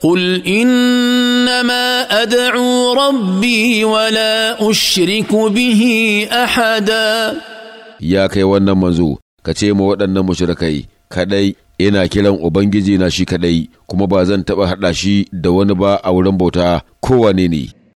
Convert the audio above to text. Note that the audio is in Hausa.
قل انما ادعو ربي ولا اشرك به احدا يا kai wannan manzo ka ce ma waɗannan mushrikai kadai ina kiran ubangiji na shi kadai kuma ba zan taɓa haɗa shi da wani ba a wurin bauta kowane ne